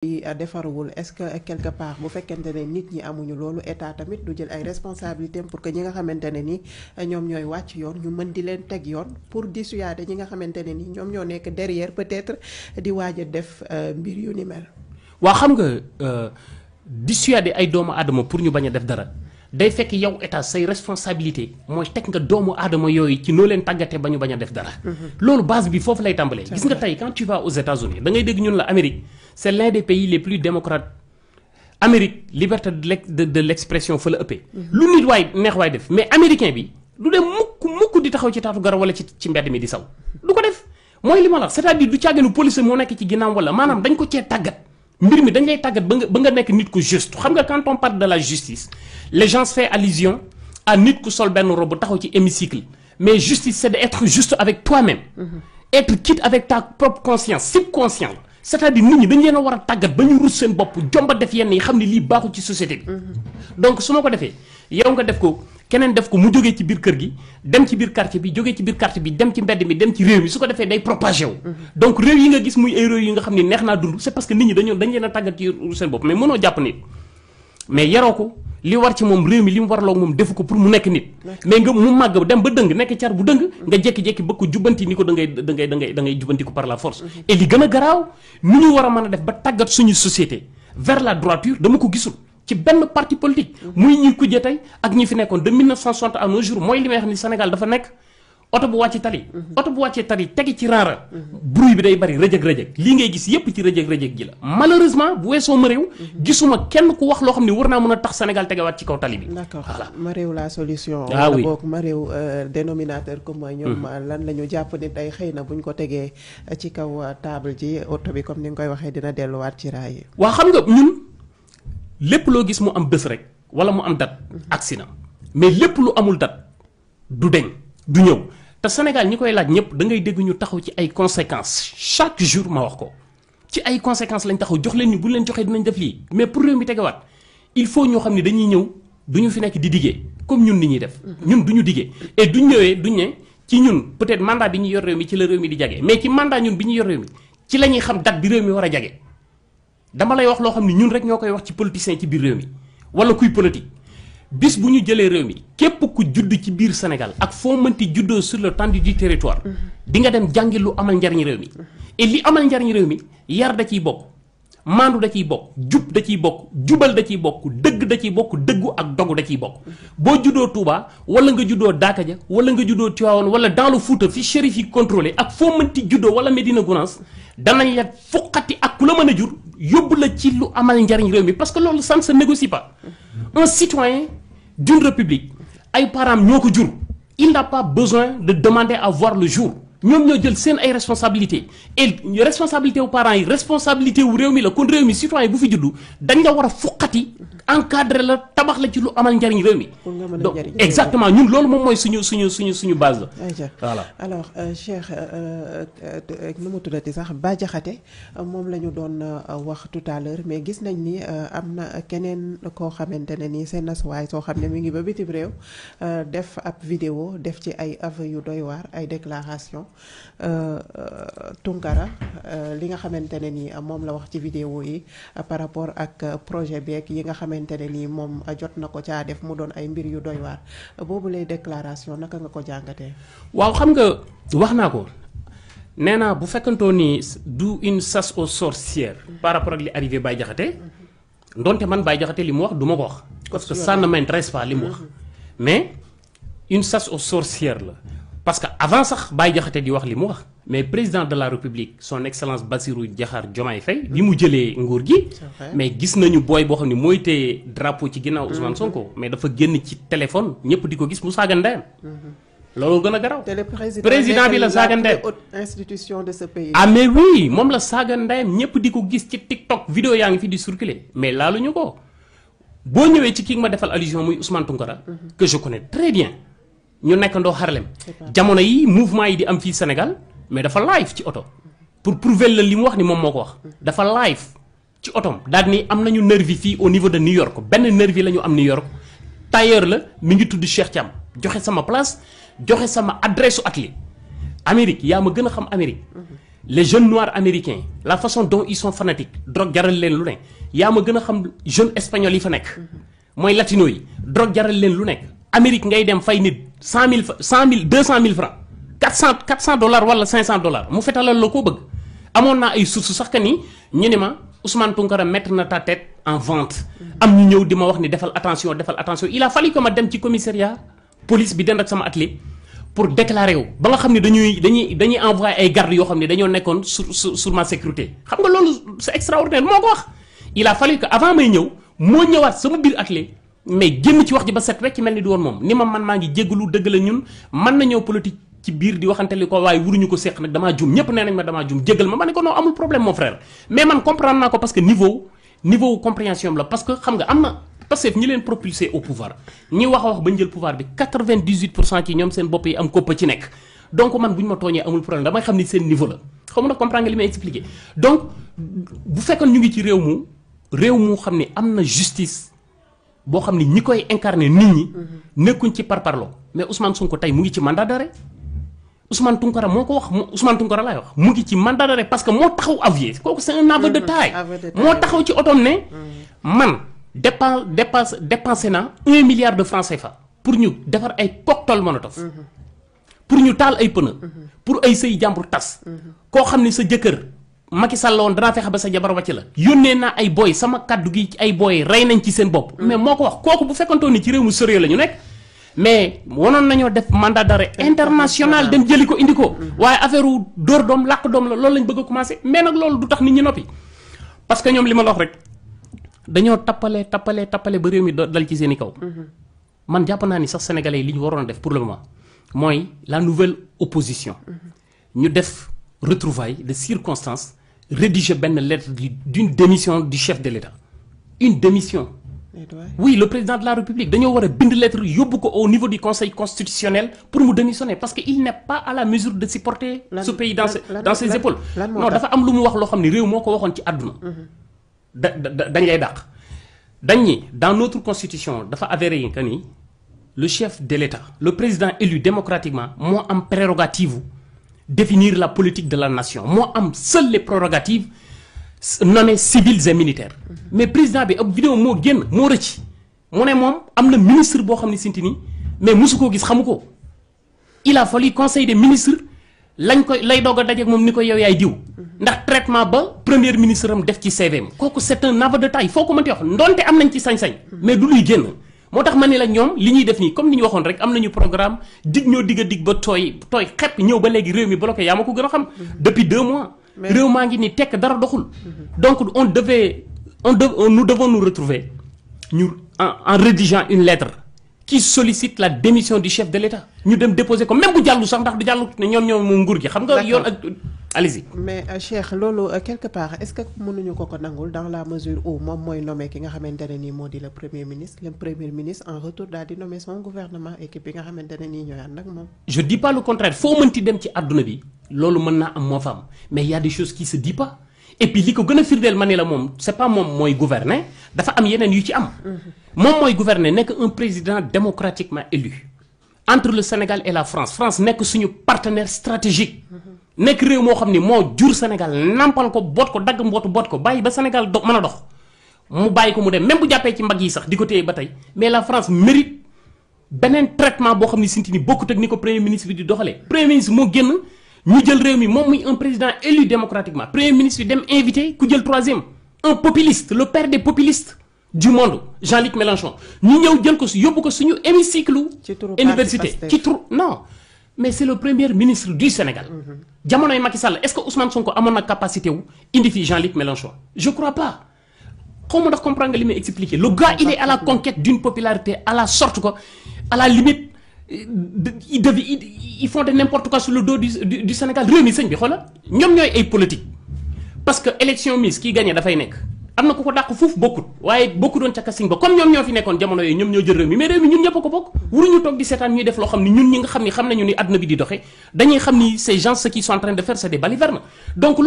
bi euh, defaruwul est-ce que euh, quelque part bu fekkente ne nit ñi amuñu loolu état tamit du jël ay responsabilités pour que ñi nga xamante ne ni euh, ñoom ñooy wàcc yoon ñu mën di leen teg yoon pour dissuader ñi nga xamante ne ni ñoom ñoo nekk derrière peut-être di waaj a def mbir yu ni mel. waa xam nga dissuader ay doomu aadama pour ñu bañ def dara day fekk yow état say responsabilité mooy teg nga doomu aadama yooyu ci noo leen tàggatee ba ñu bañ a def dara. Mm-hmm. loolu base bi foofu lay tàmbalee. gis nga tey quand tu vas aux États-Unis da ngay dégg ñun la Amérique c'est l'un des pays les plus démocrates Amérique liberté de l'expression nous mhm. nous mais américain bi nous nous beaucoup de di taxaw ci nous nous wala ci ci nous c'est-à-dire que les policiers, nous nous ci nous wala nous nous ko juste quand on parle de la justice les gens font allusion à nit nous sol nous robe taxaw hémicycle mais justice c'est d'être juste avec toi-même mhm. être quitte avec ta propre conscience subconsciente cest à nit ñi dañ leen a war a tàggat ba ñu rus seen bopp jomba def yenn yi xam ni lii baaxul ci société bi. Mm-hmm. donc su ma ko defee yow nga def ko keneen def ko mu jógee ci biir kër gi dem ci biir quartier bi jógee ci biir quartier bi dem ci mbedd mi dem ci réew mi su ko defee day propagé wu. Mm-hmm. donc réew yi nga gis muy ay réew yi nga xam ne neex naa dund c'est parce que nit ñi dañoo dañ leen a tàggat ci seen bopp mais mënoo jàpp ni mais yaroo ko. li war ci moom réew mi li mu waraloo moom defu ko pour mu nekk nit mais nga mu màgg dem ba dëng nekk car bu dëng nga jekki-jekki bëgg ko jubbanti ni ko da ngay da ngay da jubbanti ko par la force mhm. et li gën a garaaw nu ñu war a mën a def ba tàggat suñu société vers la droiture dama ko gisul ci benn parti politique mhm. muy ñuy kujje tey ak ñi fi nekkoon de 1960 à nos jours mooy li may wax ni Sénégal dafa nekk oto bu wàcc tali mhm. oto bu wacce tali tegi ci rara mhm. bruit bi day bari rejeek rejeek li ngay gis yépp ci rejeek rejeek gi la mhm. malheureusement bu wesso ma gisuma kenn ku wax lo xamni wurna war naa mën a tax Sénégal ci kaw tali bi d'accord ma la solution ah oui ma euh, dénominateur comme ñoom euh, lan lañu japp ni tay xeyna buñ ko tegee euh, ci kaw table ji auto bi comme ni ngoy koy dina dina wat ci ray wa xam nga ñun lepp lo gis mu am rek wala mu am dat accident mais lepp lu amul dat du deñ du le Sénégal nous avons des conséquences. da ngay conséquences chaque jour ma wax ko conséquences lañ taxaw jox leen mais pour nous, il faut que nous ne dañuy nous devons nous fi nous comme nous. ni nous mhm. ñun et nous, nous, duñ ne ci ñun peut-être mandat bi ñu yor mais nous mandat ñun bi ñu yor nous mi ci la xam date bi Nous dama lay wax nous ñun rek wax ci politique. bis bu ñu jëlee réew mi képp ku judd ci biir Sénégal ak foo mënti juddoo sur le temps du territoire di nga dem jàngi lu amal njariñ réew mi et li amal njariñ réew mi yar da ciy bokk maandu da ciy bokk jub da ciy bokk jubal da ciy bokk dëgg da ciy bokk dëggu ak dogu da ciy bokk boo juddoo Touba wala nga juddoo Daaka ja wala nga juddoo Tivaouane wala daalu le Fouta fi shérif yi contrôlé ak foo mënti juddoo wala Medina Gounass danañ la fuqati ak ku la mën a jur yóbbu la ci lu amal njariñ réew mi parce que loolu ça ne se négocie d'une république il n'a pas besoin de demander à voir le jour ñoom ñoo jël seen ay responsabilité et responsabilité wu parents yi responsabilité wu réew mi la kon réew mi citoyen bu fi juddu dañ la war a fuqati encadré la tabax la ci lu amal njariñ réew mi donc exactement ñun loolu moom mooy suñu suñu suñu suñu base la voilà alors euh, Cheikh euh, euh, nu mu tuddati sax Bah Diakhaté moom la ñu doon wax tout à l'heure mais gis nañ ni am na keneen koo xamante ne nii seen nasuwaay soo xam ne mi ngi ba bitim réew def ab vidéo def ci ay aveu yu doy waar ay déclaration Euh, euh, Tunkara euh, li nga xamante ne ni moom la wax ci vidéo yi par rapport ak projet beeg yi nga xamante ne ni moom jot na ko caa def mu doon ay mbir yu doy waar boobu lay déclaration naka nga ko jàngatee. waaw xam nga wax naa ko nee naa bu fekkantoo ni du une chasse aux sorcières. par rapport ak li arrivé bay Diakhaté. ndonte man Baye Diakhaté li mu wax duma ko wax. parce que ça ne m'intéresse pas li mu wax. Mm-hmm. mais une chasse aux sorcières la. parce que avant sax Baye joxete di wax li mu wax mais président de la république son excellence Bassirou Diakhar Diomaye fay bi mu jëlee nguur gi mais gis nañu boy bo xamni moy mooy drapeau ci ginnaaw Ousmane Sonko mm-hmm. mais dafa génn ci téléphone ñëpp di ko gis mu saaga mm-hmm. lolu gëna gën président bi la sagandé institution de ce pays ah mais oui mom la sagandé ndeyam diko di ko gis ci TikTok vidéo yaa ngi fi di circuler mais luñu ko bo ñëwé ci ki nga ma defal allusion muy Ousmane Tounkara mm-hmm. que je connais très bien ñu nekkandoo Harlem jamono yi mouvement yi di am fii Sénégal mais dafa live ci oto pour prouver la li mu wax ni moom moo ko wax dafa live ci otom daal ni am nañu nervi fii au niveau de New York benn nervi la ñu am New York tailleur la mi ngi tudd Cheikh Thiam joxe sama place joxe sama adresse su atelier Amérique yaa ma gën a xam Amérique les jeunes noirs américains la façon dont ils sont fanatiques drogue jaral leen lu ne yaa ma gën a xam jeunes espagnols yi fa nekk mooy latino yi drogue jaral leen lu nekk Amérique ngay dem fay nit 100 000, 200 000 francs 400 400 dollars wala 500 dollars mu la ni Ousmane mettre ta tête en vente am di attention defal attention il a fallu que ma dem ci commissariat police bi dend ak sama atelier pour déclarer wu ba nga xamni dañuy dañuy dañuy ay sur sur ma sécurité c'est extraordinaire il a fallu que avant may mais génn ci wax ji ba set rek ci mel ni du woon moom ni ma man maa ngi jéggalu dëgg la ñun mën nañoo politique ci biir di waxante li ko waaye wuruñu ko seq nak dama djum ñep nee ma dama djum jéggal ma maniko non amul problème mon frère mais man comprendre naa parce que niveau niveau compréhension la parce que xam nga amna na Pastef ñi leen propulser au pouvoir ñi wax wax ba njël pouvoir bi 98 ci ñom seen bop yi am ko koppa ci nek donc man bu ñu ma tooñee amul problème dama xam ni seen niveau la xam ma comprendre nga li may expliqué donc bu fekkoon ñu ngi ci réew mu réew mu xamni amna justice boo xam ne ñi koy incarné nit ñi. Mhm. nekkuñ ci parparloo mais sun ko tey mu ngi ci mandat d'arrêt Ousmane Tounkara moo ko wax Ousmane Tounkara laay wax mu ngi ci mandat d'arrêt parce que moo taxaw avier kooku c'est un aveu de mhm. taille. moo taxaw ci otoom ne. Mhm. man dépense dépense dépensé naa un milliard de francs fa pour ñu defar ay cocktail Molotov. pour ñu taal ay pneu. pour ay sëy jàmbur tas. koo xam ne sa jëkkër. Macky Sall won dara danaa ba sa jabar wàcc la yonne na ay boy sama kaddu gi ay boy ray nañ ci sen bop mm. mais moko wax kooku bu fekkantoon ci réew mu sérieux la ñu mais wonon nañu def mandat d'arrêt international dem jëliko indiko waye mm. affaireu waaye affaire u dóor la loolu lañ bëgg a commencé mais nak loolu du tax nit ñi nopi parce que ñom lima la wax rek dañoo tapalé tapalé tapalé ba réew mi dal ci seen kaw. Mm-hmm. man jàpp naa ni sax sénégalais yi li ñu waroon def pour le moment mooy la nouvelle opposition. Mm-hmm. ñu def retrouvailles de circonstances rédiger une lettre d'une démission du chef de l'État une démission oui le président de la République il war a bind lettre au niveau du conseil constitutionnel pour me démissionner parce que il n'est pas à la mesure de supporter ce pays dans dans ses épaules non dafa am lu mu wax loo xam ne réew moo ci àdduna mhm. dans notre constitution dafa avéré que le chef de l'État le président élu démocratiquement a am prérogative définir la politique de la nation Moi, am seul les prérogatives nommées civiles et militaires mhm. mais président bi vidéo mo mo mon ne ministre mais gis il a fallu conseil des ministres lañ koy lay a mom niko yow yay mhm. ba premier ministre am def ci CVM. c'est un aveu de taille Faut ko wax mhm. mais du moo tax ma ne la ñoom li ñuy def nii comme ni ñu waxoon rek am nañu programme dig ñoo digg a dig ba tooy tooy xepp ñëw ba léegi réew mi bloqué yaa ma ko gën a xam. Mm-hmm. depuis deux mois. réew maa ngi ni tekk dara doxul. Mm-hmm. donc on devait on de nous devons nous retrouver ñu en en rédigeant une lettre. qui sollicite la démission du chef de l'État ñu dem déposer ko même bu jàllu sax ndax du jàllu ne ñoom ñoom nguur gi xam nga yoon ak allez-y. mais euh, Cheikh Lolo, euh, quelque part est-ce que mon ko ko nangul dans la mesure où moi mooy nommé ki nga le premier ministre le premier ministre en retour d'aller nommé son gouvernement et qui nga xamante le ni ñooy Je ne je dis pas le contraire Il faut dem ci àdduna bi loolu mën naa am moo fa y a des choses qui se dit pas et puis ce ko gën a firndeel c'est pas moom qui gouverne. dafa am yeneen yu ci am. Mm-hmm. moom mooy gouverner un président démocratiquement élu entre le Sénégal et la France France n'est que son partenaire stratégique. Mm-hmm nek réew moo xam ni moo jur Sénégal nampal ko bot ko dagg mbootu bot ko bàyyi ba Sénégal do mën a dox mu bàyyi ko mu dem même bu jàppee ci mbagg yi sax di ko téye ba tey mais la France mérite beneen traitement boo xam ne sinti ni bokkut ak ni ko premier ministre bi di doxalee premier ministre moo génn ñu jël réew mi moom muy un président élu démocratiquement premier ministre bi dem invité ku jël troisième un populiste le père des populistes du monde Jean-Luc Mélenchon ñu ñëw jël ko yóbbu ko suñu hémicycle université ci turu non mais c'est le premier ministre du Sénégal. Sall est ce que Ousmane Sonko a mon capacité ou Jean-Luc Mélenchon je crois pas Comment on comprendre lui le gars il est à la conquête d'une popularité à la sorte que à la limite il euh, devait font de n'importe quoi sur le dos du Sénégal réew mi voilà, politique parce que élection mise kii gagné une amna na ko bokku ba comme nous, ñofi nekkon jamono nous ñoo mais nous ñun ñëpp ko bokk tok di sétane ñuy def Nous xamni ñun ñi nga xamni Nous ni aduna bi di dañuy ces gens ce qui sont en train de faire c'est des balivernes donc ko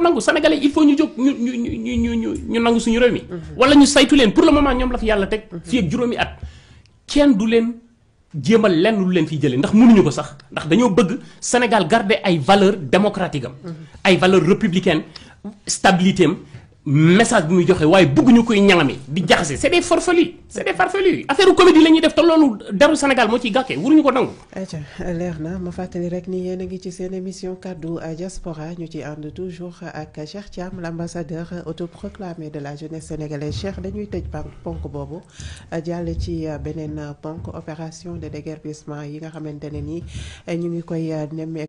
nangu sénégalais il faut ñu ñu ñu ñu ñu nangu suñu mhm. wala ñu saytu pour le moment ñom la fi mhm. at leen jéemal lenn lu leen fiy jëlee ndax mënuñu ko sax ndax dañoo bëgg Sénégal garder ay valeurs démocratiques mhm. ay valeurs républicaines stabilité message bi muy joxe waaye bëgguñu koy ñalamé di jaxé c'est des farfelus c'est des farfelus affaire comédie lañuy def te loolu daru Sénégal moo ciy gàkkee waruñu ko nangu. ayca leer na ma fàttali rek ni yéen ngi ci seen émission cadeau à diaspora ñu ci ànd toujours ak Cheikh tiam l'ambassadeur autoproclamé de la jeunesse sénégalaise Cheikh dañuy tëj ponk bobu jàll ci beneen ponk opération de déguerpissement yi nga xamante ni ñu ngi koy nemé